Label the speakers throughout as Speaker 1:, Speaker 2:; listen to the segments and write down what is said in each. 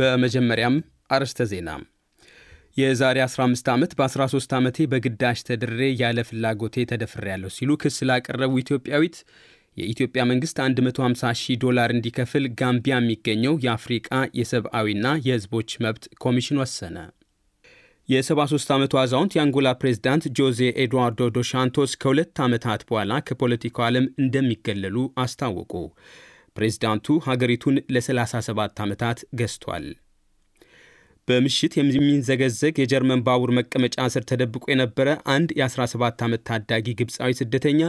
Speaker 1: በመጀመሪያም አርዕስተ ዜና። የዛሬ 15 ዓመት በ13 ዓመቴ በግዳጅ ተድሬ ያለ ፍላጎቴ ተደፍሬያለሁ ሲሉ ክስ ላቀረቡ ኢትዮጵያዊት የኢትዮጵያ መንግሥት 150 ሺህ ዶላር እንዲከፍል ጋምቢያ የሚገኘው የአፍሪቃ የሰብአዊና የሕዝቦች መብት ኮሚሽን ወሰነ። የ73 ዓመቱ አዛውንት የአንጎላ ፕሬዝዳንት ጆዜ ኤድዋርዶ ዶሻንቶስ ከሁለት ዓመታት በኋላ ከፖለቲካው ዓለም እንደሚገለሉ አስታወቁ። ፕሬዝዳንቱ ሀገሪቱን ለ37 ዓመታት ገዝቷል። በምሽት የሚንዘገዘግ የጀርመን ባቡር መቀመጫ ስር ተደብቆ የነበረ አንድ የ17 ዓመት ታዳጊ ግብፃዊ ስደተኛ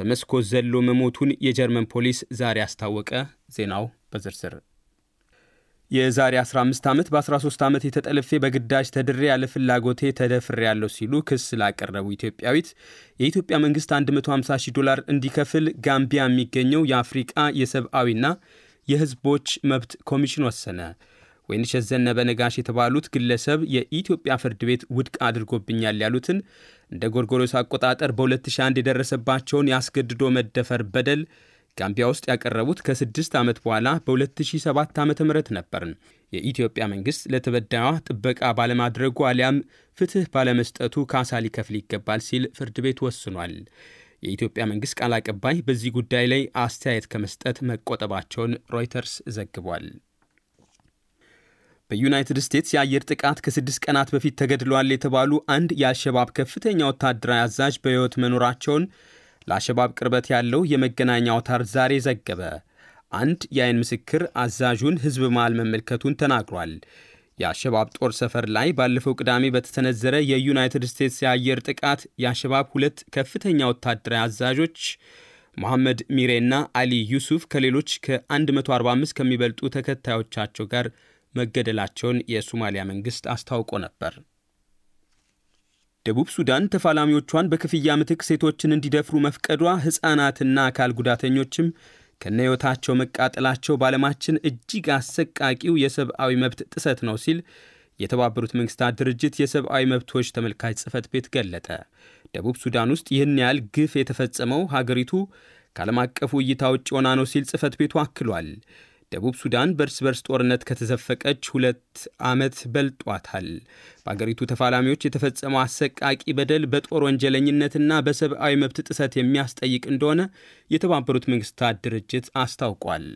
Speaker 1: በመስኮት ዘሎ መሞቱን የጀርመን ፖሊስ ዛሬ አስታወቀ። ዜናው በዝርዝር የዛሬ 15 ዓመት በ13 ዓመት የተጠልፌ በግዳጅ ተድሬ ያለ ፍላጎቴ ተደፍሬ ያለው ሲሉ ክስ ላቀረቡ ኢትዮጵያዊት የኢትዮጵያ መንግስት 150 ሺህ ዶላር እንዲከፍል ጋምቢያ የሚገኘው የአፍሪቃ የሰብአዊና የህዝቦች መብት ኮሚሽን ወሰነ። ወይንሸት ዘነበ ነጋሽ የተባሉት ግለሰብ የኢትዮጵያ ፍርድ ቤት ውድቅ አድርጎብኛል ያሉትን እንደ ጎርጎሮስ አቆጣጠር በ2001 የደረሰባቸውን ያስገድዶ መደፈር በደል ጋምቢያ ውስጥ ያቀረቡት ከስድስት ዓመት በኋላ በ2007 ዓ ም ነበርን። የኢትዮጵያ መንግሥት ለተበዳዩ ጥበቃ ባለማድረጉ አሊያም ፍትሕ ባለመስጠቱ ካሳ ሊከፍል ይገባል ሲል ፍርድ ቤት ወስኗል። የኢትዮጵያ መንግሥት ቃል አቀባይ በዚህ ጉዳይ ላይ አስተያየት ከመስጠት መቆጠባቸውን ሮይተርስ ዘግቧል። በዩናይትድ ስቴትስ የአየር ጥቃት ከስድስት ቀናት በፊት ተገድለዋል የተባሉ አንድ የአልሸባብ ከፍተኛ ወታደራዊ አዛዥ በሕይወት መኖራቸውን ለአሸባብ ቅርበት ያለው የመገናኛ አውታር ዛሬ ዘገበ። አንድ የአይን ምስክር አዛዡን ሕዝብ መሃል መመልከቱን ተናግሯል። የአሸባብ ጦር ሰፈር ላይ ባለፈው ቅዳሜ በተሰነዘረ የዩናይትድ ስቴትስ የአየር ጥቃት የአሸባብ ሁለት ከፍተኛ ወታደራዊ አዛዦች መሐመድ ሚሬና አሊ ዩሱፍ ከሌሎች ከ145 ከሚበልጡ ተከታዮቻቸው ጋር መገደላቸውን የሶማሊያ መንግሥት አስታውቆ ነበር። ደቡብ ሱዳን ተፋላሚዎቿን በክፍያ ምትክ ሴቶችን እንዲደፍሩ መፍቀዷ ሕፃናትና አካል ጉዳተኞችም ከነ ሕይወታቸው መቃጠላቸው በዓለማችን እጅግ አሰቃቂው የሰብአዊ መብት ጥሰት ነው ሲል የተባበሩት መንግስታት ድርጅት የሰብአዊ መብቶች ተመልካች ጽህፈት ቤት ገለጠ። ደቡብ ሱዳን ውስጥ ይህን ያህል ግፍ የተፈጸመው ሀገሪቱ ከዓለም አቀፉ እይታ ውጭ ሆና ነው ሲል ጽህፈት ቤቱ አክሏል። ደቡብ ሱዳን በእርስ በርስ ጦርነት ከተዘፈቀች ሁለት ዓመት በልጧታል። በአገሪቱ ተፋላሚዎች የተፈጸመው አሰቃቂ በደል በጦር ወንጀለኝነትና በሰብአዊ መብት ጥሰት የሚያስጠይቅ እንደሆነ የተባበሩት መንግስታት ድርጅት አስታውቋል።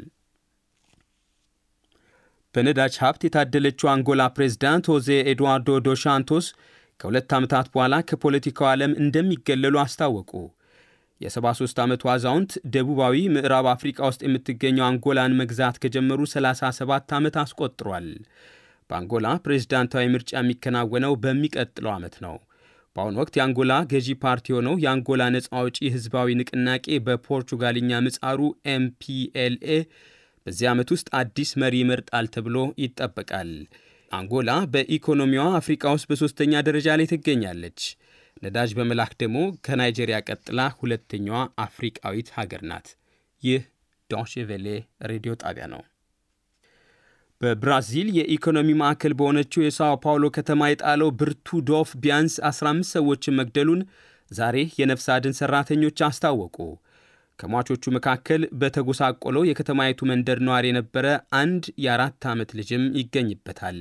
Speaker 1: በነዳጅ ሀብት የታደለችው አንጎላ ፕሬዝዳንት ሆዜ ኤድዋርዶ ዶሻንቶስ ከሁለት ዓመታት በኋላ ከፖለቲካው ዓለም እንደሚገለሉ አስታወቁ። የ73 ዓመቱ አዛውንት ደቡባዊ ምዕራብ አፍሪቃ ውስጥ የምትገኘው አንጎላን መግዛት ከጀመሩ 37 ዓመት አስቆጥሯል። በአንጎላ ፕሬዝዳንታዊ ምርጫ የሚከናወነው በሚቀጥለው ዓመት ነው። በአሁኑ ወቅት የአንጎላ ገዢ ፓርቲ የሆነው የአንጎላ ነፃ አውጪ ህዝባዊ ንቅናቄ በፖርቹጋልኛ ምጻሩ ኤምፒኤልኤ በዚህ ዓመት ውስጥ አዲስ መሪ ይመርጣል ተብሎ ይጠበቃል። አንጎላ በኢኮኖሚዋ አፍሪካ ውስጥ በሦስተኛ ደረጃ ላይ ትገኛለች። ነዳጅ በመላክ ደግሞ ከናይጄሪያ ቀጥላ ሁለተኛዋ አፍሪቃዊት ሀገር ናት። ይህ ዶቼ ቬሌ ሬዲዮ ጣቢያ ነው። በብራዚል የኢኮኖሚ ማዕከል በሆነችው የሳኦ ፓውሎ ከተማ የጣለው ብርቱ ዶፍ ቢያንስ 15 ሰዎችን መግደሉን ዛሬ የነፍስ አድን ሠራተኞች አስታወቁ። ከሟቾቹ መካከል በተጎሳቆለው የከተማይቱ መንደር ነዋሪ የነበረ አንድ የአራት ዓመት ልጅም ይገኝበታል።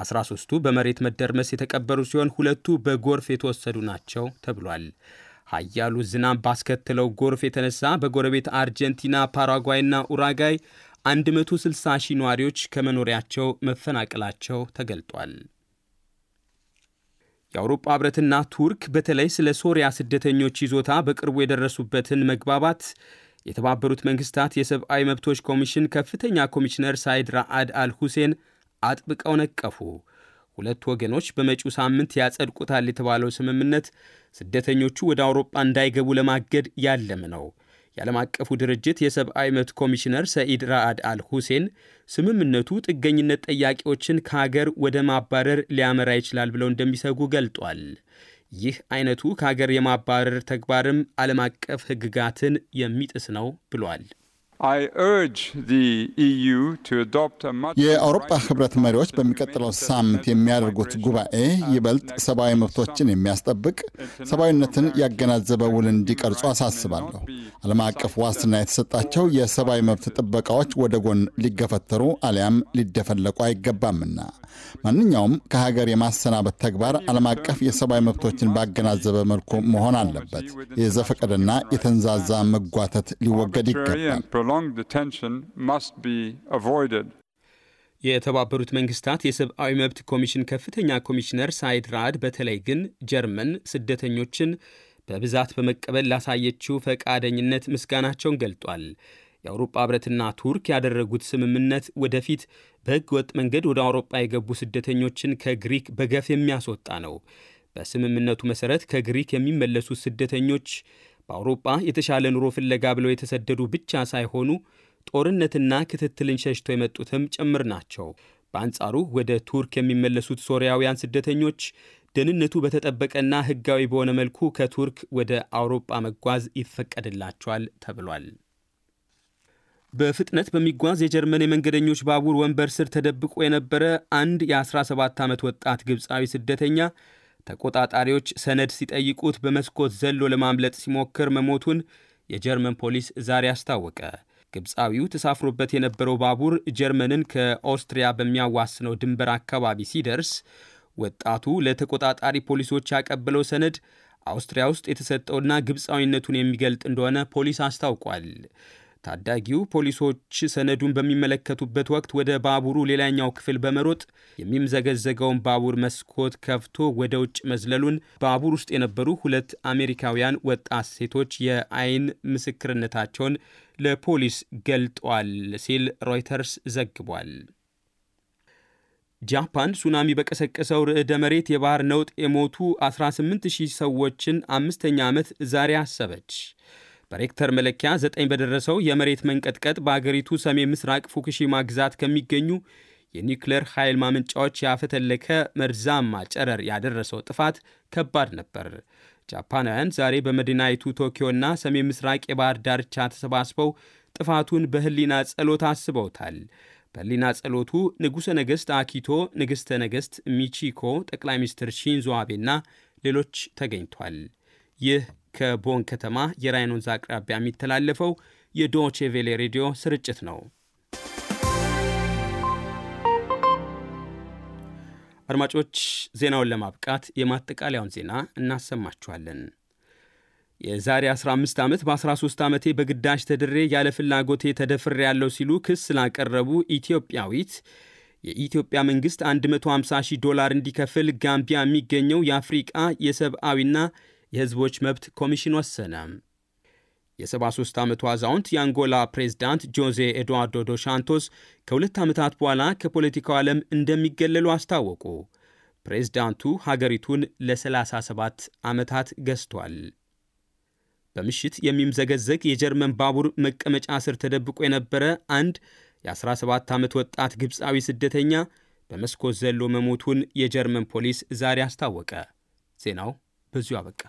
Speaker 1: 13ቱ በመሬት መደርመስ የተቀበሩ ሲሆን ሁለቱ በጎርፍ የተወሰዱ ናቸው ተብሏል። ኃያሉ ዝናብ ባስከትለው ጎርፍ የተነሳ በጎረቤት አርጀንቲና፣ ፓራጓይና ኡራጋይ 160 ሺህ ነዋሪዎች ከመኖሪያቸው መፈናቀላቸው ተገልጧል። የአውሮፓ ሕብረትና ቱርክ በተለይ ስለ ሶሪያ ስደተኞች ይዞታ በቅርቡ የደረሱበትን መግባባት የተባበሩት መንግስታት የሰብአዊ መብቶች ኮሚሽን ከፍተኛ ኮሚሽነር ሳይድ ራአድ አል ሁሴን አጥብቀው ነቀፉ። ሁለት ወገኖች በመጪው ሳምንት ያጸድቁታል የተባለው ስምምነት ስደተኞቹ ወደ አውሮጳ እንዳይገቡ ለማገድ ያለም ነው። የዓለም አቀፉ ድርጅት የሰብአዊ መብት ኮሚሽነር ሰኢድ ራአድ አል ሁሴን ስምምነቱ ጥገኝነት ጠያቂዎችን ከሀገር ወደ ማባረር ሊያመራ ይችላል ብለው እንደሚሰጉ ገልጧል። ይህ አይነቱ ከሀገር የማባረር ተግባርም ዓለም አቀፍ ሕግጋትን የሚጥስ ነው ብሏል። E የአውሮፓ ህብረት መሪዎች በሚቀጥለው ሳምንት የሚያደርጉት ጉባኤ ይበልጥ ሰብአዊ መብቶችን የሚያስጠብቅ ሰብአዊነትን ያገናዘበ ውል እንዲቀርጹ አሳስባለሁ። ዓለም አቀፍ ዋስትና የተሰጣቸው የሰብአዊ መብት ጥበቃዎች ወደ ጎን ሊገፈተሩ አሊያም ሊደፈለቁ አይገባምና ማንኛውም ከሀገር የማሰናበት ተግባር ዓለም አቀፍ የሰብአዊ መብቶችን ባገናዘበ መልኩ መሆን አለበት። የዘፈቀደና የተንዛዛ መጓተት ሊወገድ ይገባል። prolonged detention must be avoided. የተባበሩት መንግስታት የሰብአዊ መብት ኮሚሽን ከፍተኛ ኮሚሽነር ሳይድ ራድ በተለይ ግን ጀርመን ስደተኞችን በብዛት በመቀበል ላሳየችው ፈቃደኝነት ምስጋናቸውን ገልጧል። የአውሮፓ ህብረትና ቱርክ ያደረጉት ስምምነት ወደፊት በህገ ወጥ መንገድ ወደ አውሮፓ የገቡ ስደተኞችን ከግሪክ በገፍ የሚያስወጣ ነው። በስምምነቱ መሠረት ከግሪክ የሚመለሱት ስደተኞች በአውሮጳ የተሻለ ኑሮ ፍለጋ ብለው የተሰደዱ ብቻ ሳይሆኑ ጦርነትና ክትትልን ሸሽቶ የመጡትም ጭምር ናቸው። በአንጻሩ ወደ ቱርክ የሚመለሱት ሶሪያውያን ስደተኞች ደህንነቱ በተጠበቀና ሕጋዊ በሆነ መልኩ ከቱርክ ወደ አውሮጳ መጓዝ ይፈቀድላቸዋል ተብሏል። በፍጥነት በሚጓዝ የጀርመን የመንገደኞች ባቡር ወንበር ስር ተደብቆ የነበረ አንድ የ17 ዓመት ወጣት ግብፃዊ ስደተኛ ተቆጣጣሪዎች ሰነድ ሲጠይቁት በመስኮት ዘሎ ለማምለጥ ሲሞክር መሞቱን የጀርመን ፖሊስ ዛሬ አስታወቀ። ግብፃዊው ተሳፍሮበት የነበረው ባቡር ጀርመንን ከኦስትሪያ በሚያዋስነው ድንበር አካባቢ ሲደርስ ወጣቱ ለተቆጣጣሪ ፖሊሶች ያቀበለው ሰነድ አውስትሪያ ውስጥ የተሰጠውና ግብፃዊነቱን የሚገልጥ እንደሆነ ፖሊስ አስታውቋል። ታዳጊው ፖሊሶች ሰነዱን በሚመለከቱበት ወቅት ወደ ባቡሩ ሌላኛው ክፍል በመሮጥ የሚምዘገዘገውን ባቡር መስኮት ከፍቶ ወደ ውጭ መዝለሉን ባቡር ውስጥ የነበሩ ሁለት አሜሪካውያን ወጣት ሴቶች የአይን ምስክርነታቸውን ለፖሊስ ገልጧል ሲል ሮይተርስ ዘግቧል። ጃፓን ሱናሚ በቀሰቀሰው ርዕደ መሬት የባህር ነውጥ የሞቱ 18,000 ሰዎችን አምስተኛ ዓመት ዛሬ አሰበች። በሬክተር መለኪያ ዘጠኝ በደረሰው የመሬት መንቀጥቀጥ በአገሪቱ ሰሜን ምስራቅ ፉኩሺማ ግዛት ከሚገኙ የኒውክሌር ኃይል ማመንጫዎች ያፈተለከ መርዛማ ጨረር ያደረሰው ጥፋት ከባድ ነበር። ጃፓናውያን ዛሬ በመዲናይቱ ቶኪዮና ሰሜን ምስራቅ የባህር ዳርቻ ተሰባስበው ጥፋቱን በህሊና ጸሎት አስበውታል። በህሊና ጸሎቱ ንጉሠ ነገሥት አኪቶ፣ ንግሥተ ነገሥት ሚቺኮ፣ ጠቅላይ ሚኒስትር ሺንዞ አቤና ሌሎች ተገኝቷል። ይህ ከቦን ከተማ የራይን ወንዝ አቅራቢያ የሚተላለፈው የዶቼ ቬሌ ሬዲዮ ስርጭት ነው። አድማጮች ዜናውን ለማብቃት የማጠቃለያውን ዜና እናሰማችኋለን። የዛሬ 15 ዓመት በ13 ዓመቴ በግዳጅ ተድሬ ያለ ፍላጎቴ ተደፍሬ ያለው ሲሉ ክስ ላቀረቡ ኢትዮጵያዊት የኢትዮጵያ መንግሥት 150 ሺህ ዶላር እንዲከፍል ጋምቢያ የሚገኘው የአፍሪቃ የሰብአዊና የሕዝቦች መብት ኮሚሽን ወሰነ። የ73 ዓመቱ አዛውንት የአንጎላ ፕሬዝዳንት ጆዜ ኤድዋርዶ ዶ ሻንቶስ ከሁለት ዓመታት በኋላ ከፖለቲካው ዓለም እንደሚገለሉ አስታወቁ። ፕሬዝዳንቱ ሀገሪቱን ለ37 ዓመታት ገዝቷል። በምሽት የሚምዘገዘግ የጀርመን ባቡር መቀመጫ ስር ተደብቆ የነበረ አንድ የ17 ዓመት ወጣት ግብፃዊ ስደተኛ በመስኮት ዘሎ መሞቱን የጀርመን ፖሊስ ዛሬ አስታወቀ። ዜናው በዚሁ አበቃ።